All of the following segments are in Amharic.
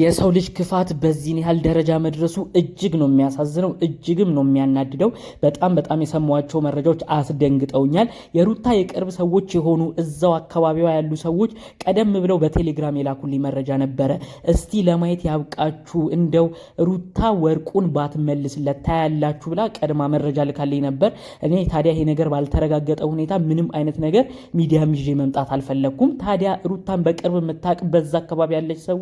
የሰው ልጅ ክፋት በዚህን ያህል ደረጃ መድረሱ እጅግ ነው የሚያሳዝነው፣ እጅግም ነው የሚያናድደው። በጣም በጣም የሰሟቸው መረጃዎች አስደንግጠውኛል። የሩታ የቅርብ ሰዎች የሆኑ እዛው አካባቢዋ ያሉ ሰዎች ቀደም ብለው በቴሌግራም የላኩልኝ መረጃ ነበረ። እስቲ ለማየት ያብቃችሁ፣ እንደው ሩታ ወርቁን ባትመልስለት ታያላችሁ ብላ ቀድማ መረጃ ልካልኝ ነበር። እኔ ታዲያ ይሄ ነገር ባልተረጋገጠ ሁኔታ ምንም አይነት ነገር ሚዲያም ይዤ መምጣት አልፈለግኩም። ታዲያ ሩታን በቅርብ የምታውቅ በዛ አካባቢ ያለች ሰው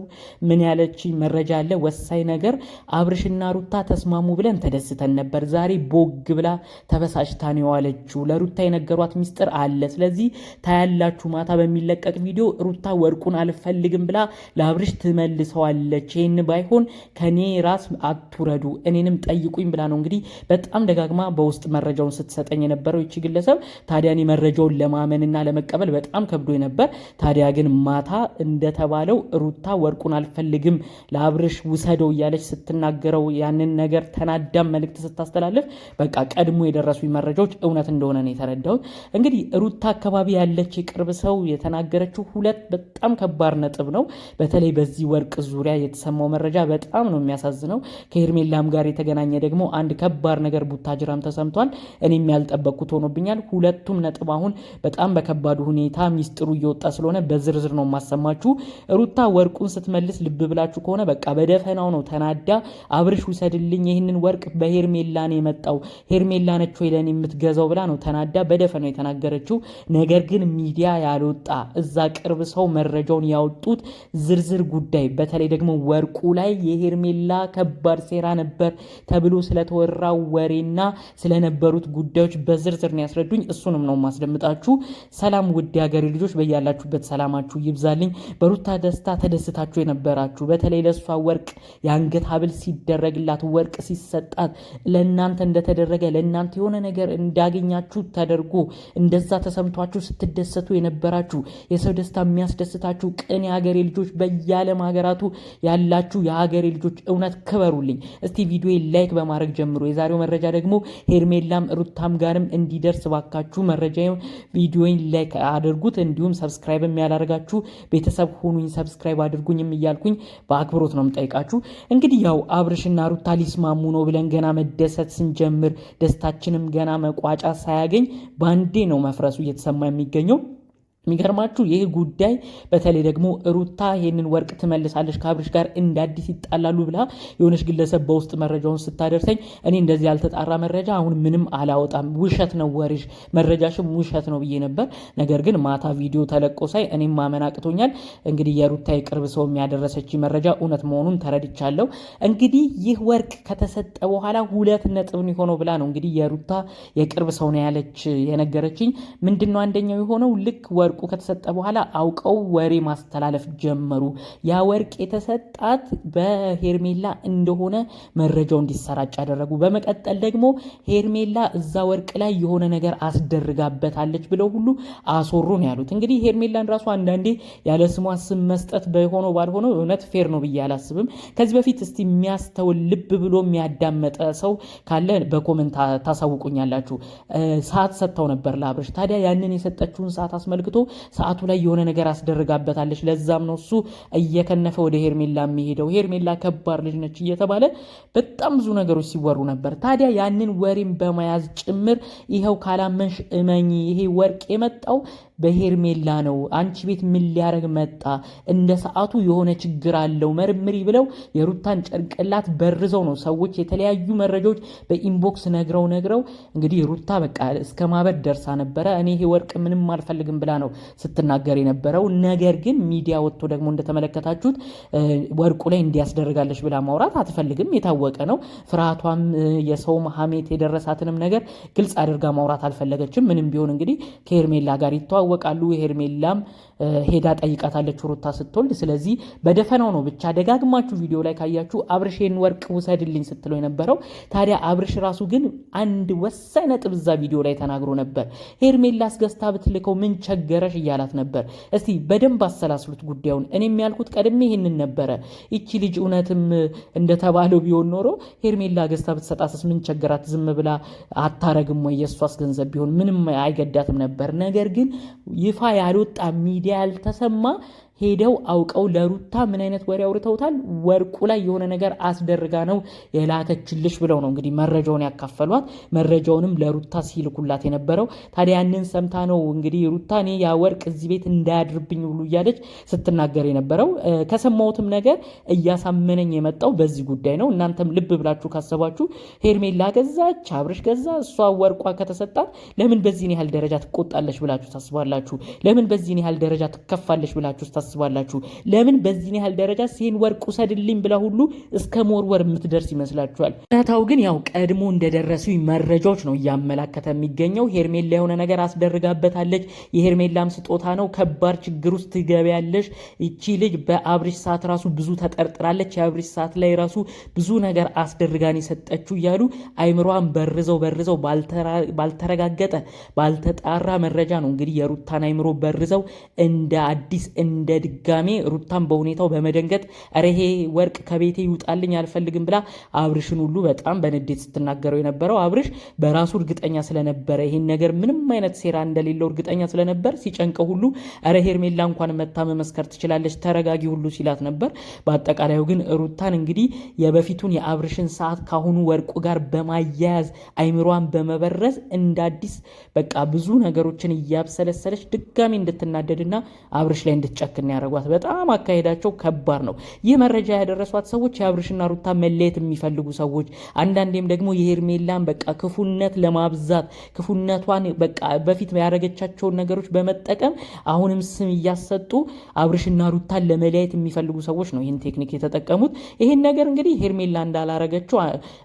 ምን ያለ ያለች መረጃ አለ። ወሳኝ ነገር አብርሽና ሩታ ተስማሙ ብለን ተደስተን ነበር። ዛሬ ቦግ ብላ ተበሳጭታ ነው የዋለችው። ለሩታ የነገሯት ሚስጥር አለ። ስለዚህ ታያላችሁ፣ ማታ በሚለቀቅ ቪዲዮ ሩታ ወርቁን አልፈልግም ብላ ለአብርሽ ትመልሰዋለች። ይህን ባይሆን ከኔ ራስ አትውረዱ፣ እኔንም ጠይቁኝ ብላ ነው እንግዲህ በጣም ደጋግማ በውስጥ መረጃውን ስትሰጠኝ የነበረው ይቺ ግለሰብ። ታዲያ እኔ መረጃውን ለማመንና ለመቀበል በጣም ከብዶ ነበር። ታዲያ ግን ማታ እንደተባለው ሩታ ወርቁን አልፈልግም ዳግም ለአብርሽ ውሰደው እያለች ስትናገረው ያንን ነገር ተናዳም መልእክት ስታስተላልፍ በቃ ቀድሞ የደረሱ መረጃዎች እውነት እንደሆነ ነው የተረዳሁት። እንግዲህ ሩታ አካባቢ ያለች የቅርብ ሰው የተናገረችው ሁለት በጣም ከባድ ነጥብ ነው። በተለይ በዚህ ወርቅ ዙሪያ የተሰማው መረጃ በጣም ነው የሚያሳዝነው። ከሄርሜላም ጋር የተገናኘ ደግሞ አንድ ከባድ ነገር ቡታጅራም ተሰምቷል። እኔም ያልጠበቅኩት ሆኖብኛል። ሁለቱም ነጥብ አሁን በጣም በከባዱ ሁኔታ ሚስጥሩ እየወጣ ስለሆነ በዝርዝር ነው የማሰማችሁ። ሩታ ወርቁን ስትመልስ ልብ ብላ የምላችሁ ከሆነ በቃ በደፈናው ነው ተናዳ አብርሽ ውሰድልኝ ይህንን ወርቅ በሄርሜላን የመጣው ሄርሜላ ነች ወይ ለእኔ የምትገዛው ብላ ነው ተናዳ በደፈናው የተናገረችው። ነገር ግን ሚዲያ ያልወጣ እዛ ቅርብ ሰው መረጃውን ያወጡት ዝርዝር ጉዳይ በተለይ ደግሞ ወርቁ ላይ የሄርሜላ ከባድ ሴራ ነበር ተብሎ ስለተወራው ወሬና ስለነበሩት ጉዳዮች በዝርዝር ነው ያስረዱኝ። እሱንም ነው ማስደምጣችሁ። ሰላም ውድ ሀገሬ ልጆች፣ በያላችሁበት ሰላማችሁ ይብዛልኝ። በሩታ ደስታ ተደስታችሁ የነበራችሁ በተለይ ለእሷ ወርቅ የአንገት ሀብል ሲደረግላት ወርቅ ሲሰጣት ለእናንተ እንደተደረገ ለእናንተ የሆነ ነገር እንዳገኛችሁ ተደርጎ እንደዛ ተሰምቷችሁ ስትደሰቱ የነበራችሁ የሰው ደስታ የሚያስደስታችሁ ቅን የሀገሬ ልጆች በየዓለም ሀገራቱ ያላችሁ የሀገሬ ልጆች እውነት ክበሩልኝ። እስቲ ቪዲዮ ላይክ በማድረግ ጀምሮ የዛሬው መረጃ ደግሞ ሄርሜላም ሩታም ጋርም እንዲደርስ ባካችሁ መረጃ ቪዲዮን ላይክ አድርጉት። እንዲሁም ሰብስክራይብ ያላደርጋችሁ ቤተሰብ ሁኑኝ፣ ሰብስክራይብ አድርጉኝም እያልኩኝ በአክብሮት ነው የምጠይቃችሁ። እንግዲህ ያው አብርሽና ሩታ ሊስማሙ ነው ብለን ገና መደሰት ስንጀምር ደስታችንም ገና መቋጫ ሳያገኝ ባንዴ ነው መፍረሱ እየተሰማ የሚገኘው። የሚገርማችሁ ይህ ጉዳይ በተለይ ደግሞ ሩታ ይህንን ወርቅ ትመልሳለች ከአብርሽ ጋር እንዳዲስ ይጣላሉ ብላ የሆነች ግለሰብ በውስጥ መረጃውን ስታደርሰኝ እኔ እንደዚህ ያልተጣራ መረጃ አሁን ምንም አላወጣም፣ ውሸት ነው ወሬሽ፣ መረጃሽም ውሸት ነው ብዬ ነበር። ነገር ግን ማታ ቪዲዮ ተለቆ ሳይ እኔም ማመን አቅቶኛል። እንግዲህ የሩታ የቅርብ ሰው የሚያደረሰች መረጃ እውነት መሆኑን ተረድቻለሁ። እንግዲህ ይህ ወርቅ ከተሰጠ በኋላ ሁለት ነጥብ የሆነው ብላ ነው እንግዲህ የሩታ የቅርብ ሰው ነው ያለች የነገረችኝ። ምንድን አንደኛው የሆነው ልክ ወርቁ ከተሰጠ በኋላ አውቀው ወሬ ማስተላለፍ ጀመሩ። ያ ወርቅ የተሰጣት በሄርሜላ እንደሆነ መረጃው እንዲሰራጭ አደረጉ። በመቀጠል ደግሞ ሄርሜላ እዛ ወርቅ ላይ የሆነ ነገር አስደርጋበታለች ብለው ሁሉ አስወሩ ነው ያሉት። እንግዲህ ሄርሜላን ራሱ አንዳንዴ ያለ ስሟ ስም መስጠት በሆነው ባልሆነው እውነት ፌር ነው ብዬ አላስብም። ከዚህ በፊት እስቲ የሚያስተውል ልብ ብሎ የሚያዳመጠ ሰው ካለ በኮመንት ታሳውቁኛላችሁ። ሰዓት ሰጥተው ነበር ለአብርሽ። ታዲያ ያንን የሰጠችውን ሰዓት አስመልክቶ ሰዓቱ ላይ የሆነ ነገር አስደርጋበታለች። ለዛም ነው እሱ እየከነፈ ወደ ሄርሜላ የሚሄደው። ሄርሜላ ከባድ ልጅ ነች እየተባለ በጣም ብዙ ነገሮች ሲወሩ ነበር። ታዲያ ያንን ወሬም በመያዝ ጭምር ይኸው ካላመንሽ እመኝ ይሄ ወርቅ የመጣው በሄርሜላ ነው አንቺ ቤት ምን ሊያደርግ መጣ? እንደ ሰዓቱ የሆነ ችግር አለው መርምሪ ብለው የሩታን ጨርቅላት በርዘው ነው ሰዎች የተለያዩ መረጃዎች በኢንቦክስ ነግረው ነግረው እንግዲህ ሩታ በቃ እስከ ማበድ ደርሳ ነበረ። እኔ ይሄ ወርቅ ምንም አልፈልግም ብላ ነው ስትናገር የነበረው። ነገር ግን ሚዲያ ወጥቶ ደግሞ እንደተመለከታችሁት ወርቁ ላይ እንዲያስደርጋለች ብላ ማውራት አትፈልግም። የታወቀ ነው ፍርሃቷም፣ የሰውም ሀሜት የደረሳትንም ነገር ግልጽ አድርጋ ማውራት አልፈለገችም። ምንም ቢሆን እንግዲህ ከሄርሜላ ጋር ይተዋ ይታወቃሉ። የሄርሜላም ሄዳ ጠይቃታለች ሩታ ስትወልድ። ስለዚህ በደፈናው ነው ብቻ ደጋግማችሁ ቪዲዮ ላይ ካያችሁ አብርሽን ወርቅ ውሰድልኝ ስትለው የነበረው። ታዲያ አብርሽ ራሱ ግን አንድ ወሳኝ ነጥብ እዛ ቪዲዮ ላይ ተናግሮ ነበር። ሄርሜላስ ገዝታ ብትልከው ምን ቸገረሽ እያላት ነበር። እስቲ በደንብ አሰላስሉት ጉዳዩን። እኔም ያልኩት ቀድሜ ይህንን ነበረ። ይቺ ልጅ እውነትም እንደተባለው ቢሆን ኖሮ ሄርሜላ ገዝታ ብትሰጣትስ ምን ቸገራት? ዝም ብላ አታረግም ወይ? የእሷስ ገንዘብ ቢሆን ምንም አይገዳትም ነበር። ነገር ግን ይፋ ያልወጣ ሚዲያ ያልተሰማ ሄደው አውቀው ለሩታ ምን አይነት ወሬ አውርተውታል? ወርቁ ላይ የሆነ ነገር አስደርጋ ነው የላከችልሽ ብለው ነው እንግዲህ መረጃውን ያካፈሏት። መረጃውንም ለሩታ ሲልኩላት የነበረው ታዲያ ያንን ሰምታ ነው እንግዲህ ሩታ እኔ ያ ወርቅ እዚህ ቤት እንዳያድርብኝ ብሉ እያለች ስትናገር የነበረው። ከሰማሁትም ነገር እያሳመነኝ የመጣው በዚህ ጉዳይ ነው። እናንተም ልብ ብላችሁ ካሰባችሁ ሄርሜላ ገዛች፣ አብርሽ ገዛ፣ እሷ ወርቋ ከተሰጣት ለምን በዚህን ያህል ደረጃ ትቆጣለች ብላችሁ ታስባላችሁ? ለምን በዚህን ያህል ደረጃ ትከፋለች ብላችሁ ታስባላችሁ? ለምን በዚህን ያህል ደረጃ ሴን ወርቅ ውሰድልኝ ብላ ሁሉ እስከ መወርወር የምትደርስ ይመስላችኋል? እውነታው ግን ያው ቀድሞ እንደደረሱ መረጃዎች ነው እያመላከተ የሚገኘው። ሄርሜላ የሆነ ነገር አስደርጋበታለች። የሄርሜላም ስጦታ ነው። ከባድ ችግር ውስጥ ትገቢያለሽ። ይቺ ልጅ በአብሪሽ ሰዓት ራሱ ብዙ ተጠርጥራለች። የአብሪሽ ሰዓት ላይ ራሱ ብዙ ነገር አስደርጋን የሰጠችው እያሉ አይምሯን በርዘው በርዘው ባልተረጋገጠ ባልተጣራ መረጃ ነው እንግዲህ የሩታን አይምሮ በርዘው እንደ አዲስ እንደ በድጋሜ ሩታን በሁኔታው በመደንገጥ ረሄ ወርቅ ከቤቴ ይውጣልኝ አልፈልግም ብላ አብርሽን ሁሉ በጣም በንዴት ስትናገረው የነበረው አብርሽ በራሱ እርግጠኛ ስለነበረ ይሄን ነገር ምንም አይነት ሴራ እንደሌለው እርግጠኛ ስለነበር ሲጨንቀው ሁሉ ረሄ ሄርሜላ እንኳን መታ መመስከር ትችላለች ተረጋጊ ሁሉ ሲላት ነበር። በአጠቃላዩ ግን ሩታን እንግዲህ የበፊቱን የአብርሽን ሰዓት ካሁኑ ወርቁ ጋር በማያያዝ አይምሯን በመበረዝ እንደ አዲስ በቃ ብዙ ነገሮችን እያብሰለሰለች ድጋሚ እንድትናደድና አብርሽ ላይ እንድትጨክን የሚያደርጓት። በጣም አካሄዳቸው ከባድ ነው። ይህ መረጃ ያደረሷት ሰዎች የአብርሽና ሩታ መለየት የሚፈልጉ ሰዎች፣ አንዳንዴም ደግሞ የሄርሜላን በቃ ክፉነት ለማብዛት ክፉነቷን በቃ በፊት ያደረገቻቸውን ነገሮች በመጠቀም አሁንም ስም እያሰጡ አብርሽና ሩታን ለመለያየት የሚፈልጉ ሰዎች ነው ይህን ቴክኒክ የተጠቀሙት። ይህን ነገር እንግዲህ ሄርሜላ እንዳላረገችው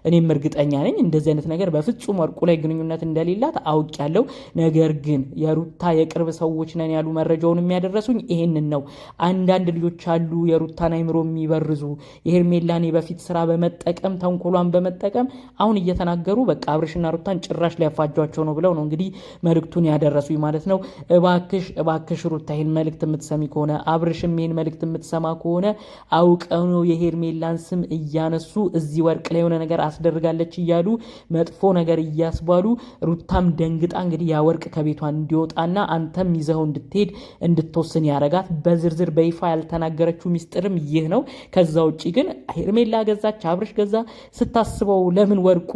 እኔም እርግጠኛ ነኝ። እንደዚህ አይነት ነገር በፍጹም ወርቁ ላይ ግንኙነት እንደሌላት አውቅ ያለው ነገር ግን የሩታ የቅርብ ሰዎች ነን ያሉ መረጃውን የሚያደረሱኝ ይህንን ነው። አንዳንድ ልጆች አሉ የሩታን አይምሮ የሚበርዙ የሄርሜላኔ በፊት ስራ በመጠቀም ተንኮሏን በመጠቀም አሁን እየተናገሩ በቃ አብርሽና ሩታን ጭራሽ ሊያፋጇቸው ነው ብለው ነው እንግዲህ መልእክቱን ያደረሱ ማለት ነው። እባክሽ እባክሽ ሩታ ይህን መልእክት የምትሰሚ ከሆነ አብርሽም ይህን መልእክት የምትሰማ ከሆነ አውቀው ነው የሄርሜላን ስም እያነሱ እዚህ ወርቅ ላይ የሆነ ነገር አስደርጋለች እያሉ መጥፎ ነገር እያስባሉ ሩታም ደንግጣ እንግዲህ ያ ወርቅ ከቤቷ እንዲወጣና አንተም ይዘው እንድትሄድ እንድትወስን ያረጋት በ በዝርዝር በይፋ ያልተናገረችው ሚስጥርም ይህ ነው። ከዛ ውጭ ግን ሄርሜላ ገዛች፣ አብርሽ ገዛ ስታስበው ለምን ወርቁ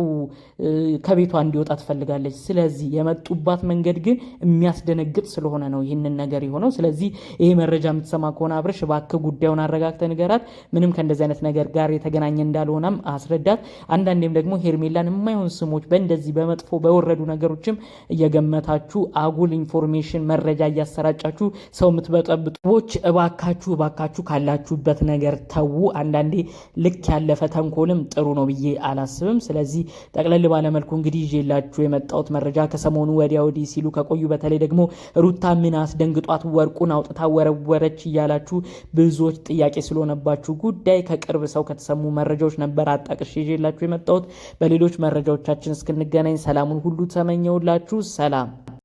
ከቤቷ እንዲወጣ ትፈልጋለች። ስለዚህ የመጡባት መንገድ ግን የሚያስደነግጥ ስለሆነ ነው ይህንን ነገር የሆነው። ስለዚህ ይሄ መረጃ የምትሰማ ከሆነ አብረሽ እባክህ ጉዳዩን አረጋግተ ንገራት። ምንም ከእንደዚህ አይነት ነገር ጋር የተገናኘ እንዳልሆነም አስረዳት። አንዳንዴም ደግሞ ሄርሜላን የማይሆን ስሞች በእንደዚህ በመጥፎ በወረዱ ነገሮችም እየገመታችሁ አጉል ኢንፎርሜሽን መረጃ እያሰራጫችሁ ሰው የምትበጠብጡ እባካችሁ እባካችሁ ካላችሁበት ነገር ተዉ። አንዳንዴ ልክ ያለፈ ተንኮልም ጥሩ ነው ብዬ አላስብም። ስለዚህ ጠቅለል ባለመልኩ እንግዲህ ይዤላችሁ የመጣሁት መረጃ ከሰሞኑ ወዲያ ወዲህ ሲሉ ከቆዩ በተለይ ደግሞ ሩታ ምን አስደንግጧት ወርቁን አውጥታ ወረወረች እያላችሁ ብዙዎች ጥያቄ ስለሆነባችሁ ጉዳይ ከቅርብ ሰው ከተሰሙ መረጃዎች ነበር አጣቅሽ ይዤላችሁ የመጣሁት። በሌሎች መረጃዎቻችን እስክንገናኝ ሰላሙን ሁሉ ተመኘውላችሁ። ሰላም